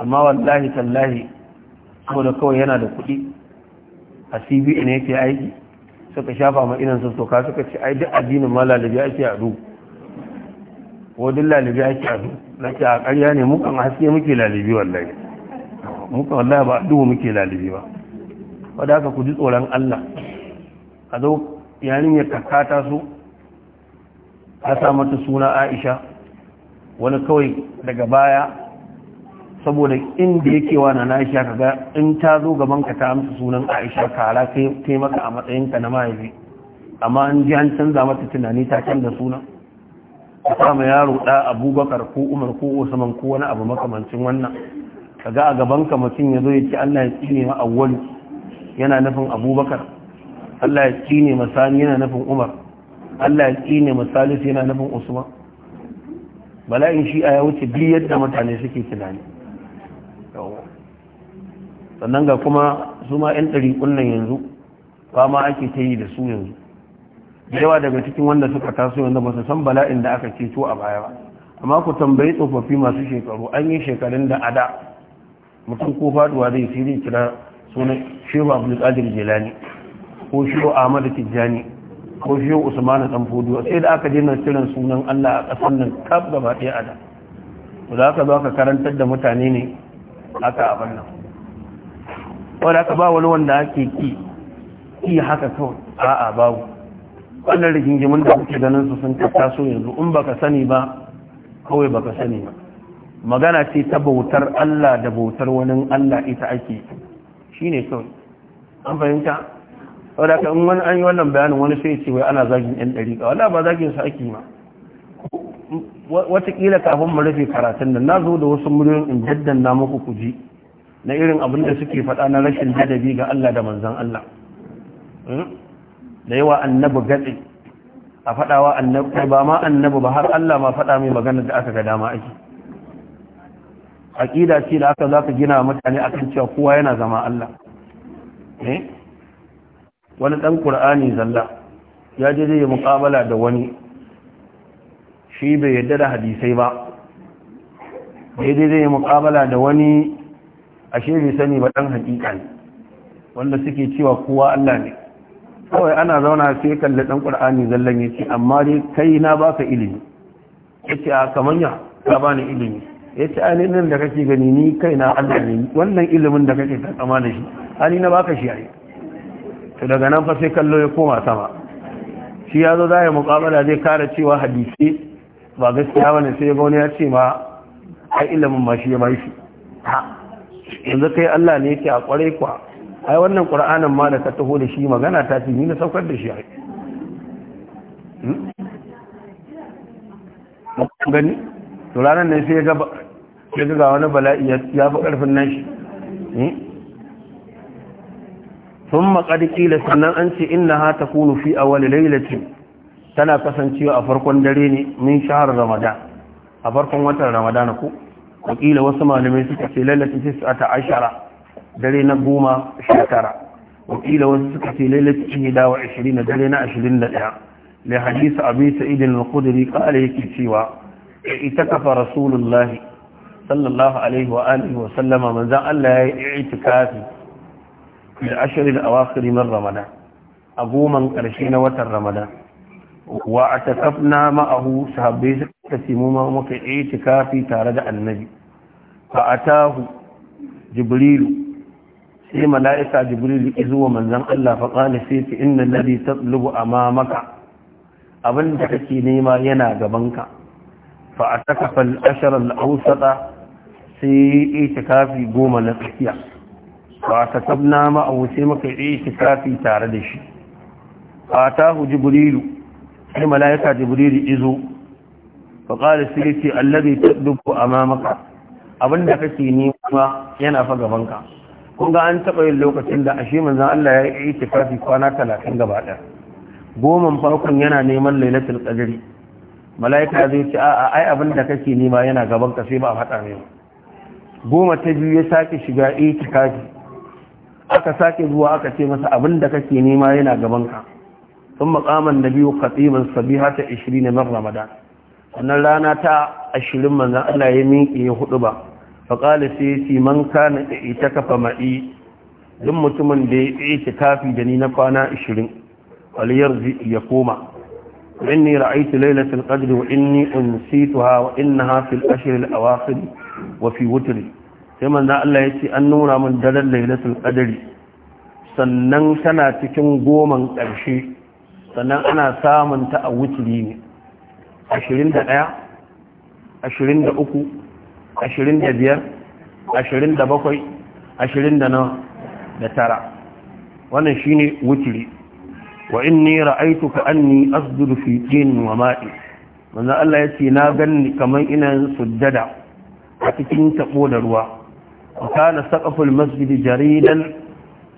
amma wallahi tallahi saboda kawai yana da kuɗi a cbn yake aiki suka shafa ma inan sun soka suka ce ai duk addinin ma lalibi ake a du wadin lalibi ake a du na ce a ƙarya ne mukan haske muke lalibi wallahi mukan wallahi ba a duhu muke lalibi ba wadda haka ku ji tsoron allah a zo yarin ya kakata su a sa mata suna aisha wani kawai daga baya saboda inda yake wa na aisha ka ga in ta zo gaban ka ta amsa sunan aisha ka hala kai maka a matsayin ka na mahaifi amma an ji an canza mata tunani ta canza sunan ka samu yaro da abubakar ko umar ko usman ko wani abu makamancin wannan Kaga ga a gaban ka mutum ya zo ya ce allah ya tsine ma awwal yana nufin abubakar allah ya tsine ma sani yana nufin umar allah ya tsine ma salisu yana nufin usman bala'in shi'a ya wuce duk yadda mutane suke tunani sannan ga kuma su ma 'yan ɗari kunnan yanzu fama ake ta yi da su yanzu yawa daga cikin wanda suka taso yanzu ba su san bala'in da aka ceto a baya ba amma ku tambayi tsofaffi masu shekaru an yi shekarun da ada mutum ko faduwa zai sai kira sunan shehu abdulkadir jelani ko shehu ahmadu tijjani ko shi usman dan fudu sai da aka jina kiran sunan Allah a kasan nan kaf gaba ɗaya ada da to da aka zo aka karantar da mutane ne aka abin nan wanda aka ba wani wanda ake ki ki haka kawai a'a babu wannan rigingimin da kuke ganin su sun so yanzu in baka sani ba kawai baka sani ba magana ce ta bautar Allah da bautar wani Allah ita ake shine kawai an fahimta wadda ka wani an yi wannan bayanin wani sai ce wai ana zagin yan ɗari ka wadda ba zagin su ake ma watakila kafin mu rufe karatun da na zo da wasu miliyoyin in na muku kuji na irin abin da suke faɗa na rashin jadabi ga Allah da manzan Allah hmm? da yawa annabi gatsi a faɗawa annabi ba ma annabi ba har Allah ma faɗa mai magana da aka ga dama ake aqida ce da aka zaka gina mutane akan cewa kowa yana zama Allah eh wani ɗan ƙur'ani zalla ya je zai yi muƙabala da wani shi bai yadda da hadisai ba Ya je zai yi muƙabala da wani a bai sani ba ɗan haƙiƙa ne wanda suke cewa kowa Allah ne kawai ana zauna sai kalli ɗan ƙur'ani zallan ya ce amma dai kai na baka ilimi ya ce a kamanya ka bani ilimi ya ce ainihin nan da kake gani ni kai na Allah ne wannan ilimin da kake ta kama da shi hali na baka shi a yi to daga nan fa sai kallo ya koma sama shi ya zo zai muƙabala zai kare cewa hadisi ba gaskiya bane sai ya wani ya ce ma ai ilimin ma shi ya bai shi yanzu kai Allah ne yake a kware kwa ai wannan qur'anin ma da ka taho da shi magana ta ce ni na saukar da shi ai hmm? gani to ranar ne sai ya ga ya ga wani bala'i ya fi karfin nan shi hmm? tun makadi kila sannan an ce inna ha ta kunu fi awali lailatin tana kasancewa a farkon dare ne min shahar ramadan a farkon watan ramadan ku ko kila wasu malamai suka ce lailatin tisa ta ashara dare na goma sha tara wasu suka ce lailatin tsini dawa ashirin dare na ashirin da ɗaya le hadisa abin sa idin al-kudiri kala yake cewa ita kafa rasulullahi sallallahu alaihi wa alihi wa sallama allah ya yi itikafi fi ashirin awakhir min ramadan a goman ƙarshe na watan ramadan wa a tasafna ma'ahu sahabbai suka ce ma muka itikafi tare da annabi fa atahu jibrilu sai mala'ika jibrilu izuwa manzon Allah fa qala sai ce inna alladhi tatlubu maka abin da kake nema yana gabanka fa atakafa al-ashara al-awsata sai itikafi goma na tsakiya ba ta kabna ma'ahu sai muka yi itikafi tare da shi fatahu jibrilu sai malaika jibrilu izo fa qala sai yace allazi taddubu amamaka abinda kake nema yana fa gabanka kun ga an taɓa yin lokacin da ashe manzon Allah ya yi itikafi kwana talatin gaba daya goman farkon yana neman lailatul qadri malaika zai ce a'a ai abinda kake nema yana gabanka sai ba a faɗa mai goma ta biyu ya sake shiga itikafi aka sake zuwa aka ce masa abin da kake nema yana gabanka sun makaman da biyu katsiban sabiha ta 20 na ramadan wannan rana ta 20 manzan Allah ya miƙe ya hudu ba faƙali sai ya man kana da ita kafa ma'i duk mutumin da ya ita kafi da ni na kwana 20 waliyar ya koma inni ra'aytu lailatul qadr wa inni unsituha wa innaha fil ashr al awakhir wa fi wutri sai manzan Allah ya ce an nuna min daren lailatul qadri sannan tana cikin goman ƙarshe sannan ana samun ta a wuturi ne 21 23 25 da tara. wannan ne wuturi wa ka ra'aytuka anni asjudu fi tin wa ma'i manzo Allah yace na ganni kaman ina sujjada a cikin tabo da ruwa kana saqaful masjid jaridan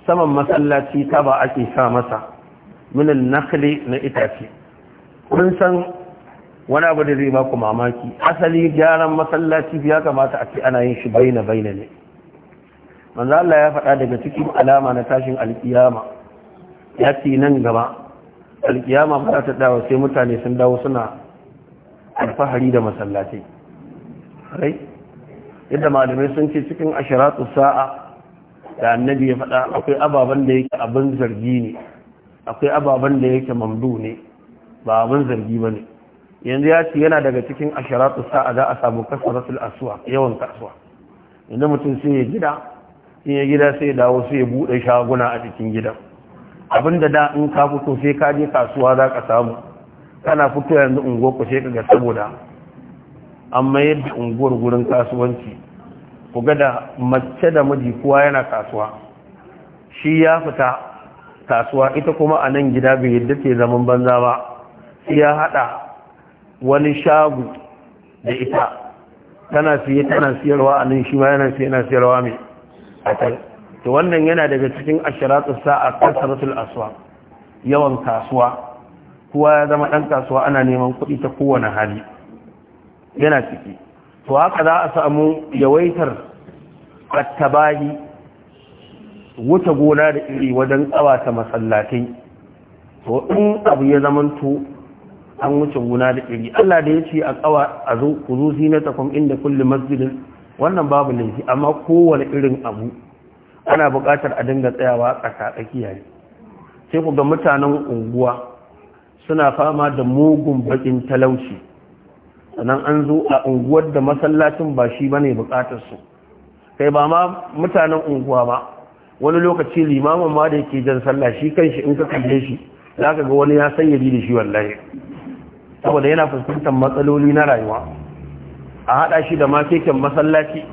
saman masallaci taba ake sa masa min al na itace kun san wani abu da zai ba ku mamaki asali gyaran masallaci ya kamata a ce ana yin shi baina baina ne manzo Allah ya faɗa daga cikin alama na tashin alkiyama ya ce nan gaba alkiyama ba ta dawo sai mutane sun dawo suna alfahari da masallaci rai yadda malamai sun ce cikin ashiratu sa'a da annabi ya faɗa akwai ababen da yake abin zargi ne akwai ababen da yake mamdu ne ba abin zargi ba ne yanzu ya ce yana daga cikin ashiratu sa'a za a samu kasaratul aswa yawan kasuwa inda mutum sai ya gida in ya gida sai ya dawo sai ya buɗe shaguna a cikin gida. abinda da in ka fito sai ka je kasuwa za ka samu kana fito yanzu ungo ku sai ka ga saboda an mayar da unguwar gurin kasuwanci ku ga da mace da miji kowa yana kasuwa shi ya fita kasuwa ita kuma a nan gida bai yadda ke zaman banza ba shi ya hada wani shagu da ita tana siye tana siyarwa a nan shi ma yana siye yana siyarwa mai a can to wannan yana daga cikin ashiratu sa'a kasaratul aswa yawan kasuwa kowa ya zama dan kasuwa ana neman kuɗi ta kowane hali yana ciki to haka za a samu yawaitar attabahi wuce gona da iri wajen tsawata masallatai to in abu ya zamanto an wuce gona da iri Allah da ya ce a tsawa a zo ku zo zinatakum inda kulli masjidin wannan babu laifi amma kowane irin abu ana buƙatar a dinga tsayawa ƙasa tsakiya ne sai ku ga mutanen unguwa suna fama da mugun bakin talauci sannan an zo a unguwar da masallacin ba shi bane bukatar su kai ba ma mutanen unguwa ba wani lokaci limamin ma da yake jan sallah shi shi in ka kalle shi za ka ga wani ya sayyadi da shi wallahi saboda yana fuskantar matsaloli na rayuwa a haɗa shi da ma keken masallaci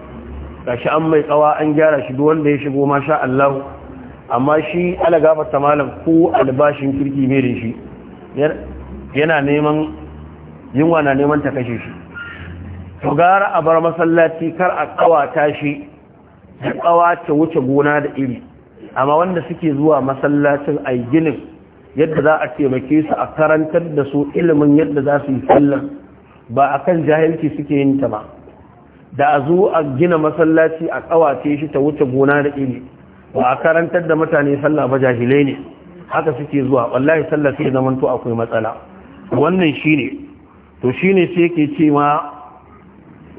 gashi an mai tsawa an gyara shi duk wanda ya shigo masha Allah amma shi ala gafarta malam ko albashin kirki mai da shi yana neman yunwa na neman ta kashe shi to gara a bar masallaci kar a kawata shi da kawa ta wuce gona da iri amma wanda suke zuwa masallacin a ginin yadda za a taimake su a karantar da su ilimin yadda za su yi sallar ba a kan jahilci suke yin ta ba da a zo a gina masallaci a kawace shi ta wuce gona da iri ba a karantar da mutane sallah ba jahilai ne haka suke zuwa wallahi sallah sai zamanto akwai matsala wannan shine to shine sai yake ce ma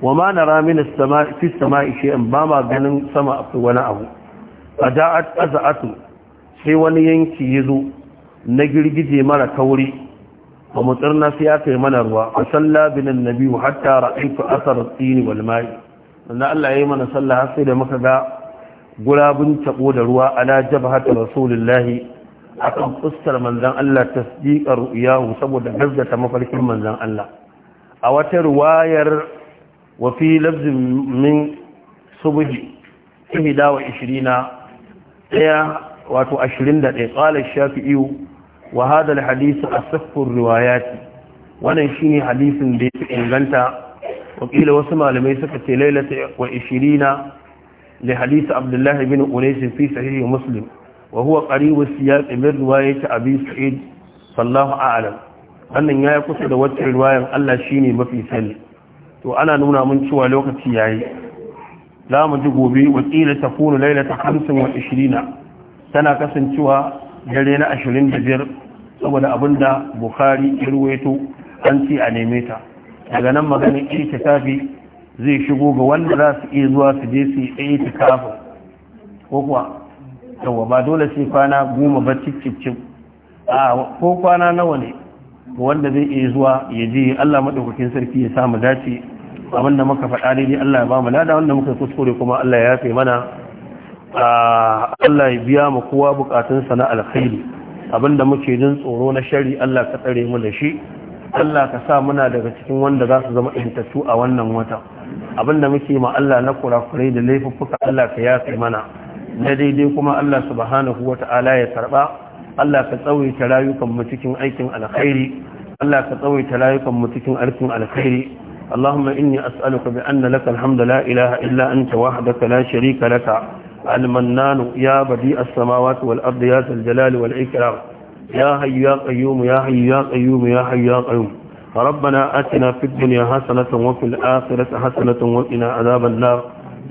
wa ma na min fi as-sama'i ba ma ganin sama akwai wani abu A fada'at aza'atu sai wani yanki ya zo, na girgije mara kauri a mutsirna sai aka yi mana ruwa a salla bin annabi hatta ra'aytu asar tini wal ma'i Allah ya yi mana salla har sai da muka ga gurabun taɓo da ruwa ala jabhati rasulillahi akan fuskar manzan Allah tasdiqar ru'iyahu saboda ta mafarkin manzan Allah a wata ruwayar wa lafzin min subhi ihda wa 20 daya wato 21 qala shafi'i wa hadha al a asahhu riwayat wannan shine hadisin da yake inganta wakila wasu malamai suka ce lailata wa 20 li hadith abdullah ibn unais fi sahih muslim وهو قريب السياق من رواية أبي سعيد فالله أعلم أن قصد دوات رواية ألا شيني ما في سن وأنا نونا من شوى لوقة سياعي لا مجبو بي وقيل تكون ليلة خمس وعشرين سنة قصد شوى جلين عشرين بجر saboda abinda بخاري ya أنتي أنيميتا ce a neme ta daga nan magana ita tafi zai shigo ga wanda za su iya zuwa su je su yi ɗaya ta ko kuwa yawa ba dole sai kwana goma ba cikin a ko kwana nawa ne wanda zai iya zuwa ya ji Allah madaukakin sarki ya samu dace abin da muka faɗa dai Allah ya ba mu lada wanda muka kuskure kuma Allah ya yafe mana Allah ya biya mu kowa bukatun sa na alkhairi abinda muke jin tsoro na shari Allah ka tsare mu da shi Allah ka sa muna daga cikin wanda za su zama intattu a wannan wata abinda muke ma Allah na kurakurai da laifuffuka Allah ka yafe mana na daidai kuma Allah subhanahu wata'ala ya karba Allah ka tsawaita rayukan mu cikin aikin alkhairi Allah ka tsawaita rayukan mu cikin aikin alkhairi اللهم إني أسألك بأن لك الحمد لا إله إلا أنت وحدك لا شريك لك المنان يا بديع السماوات والأرض يا ذا الجلال والإكرام يا حي يا قيوم يا حي يا قيوم يا حي يا قيوم ربنا آتنا في الدنيا حسنة وفي الآخرة حسنة وقنا عذاب النار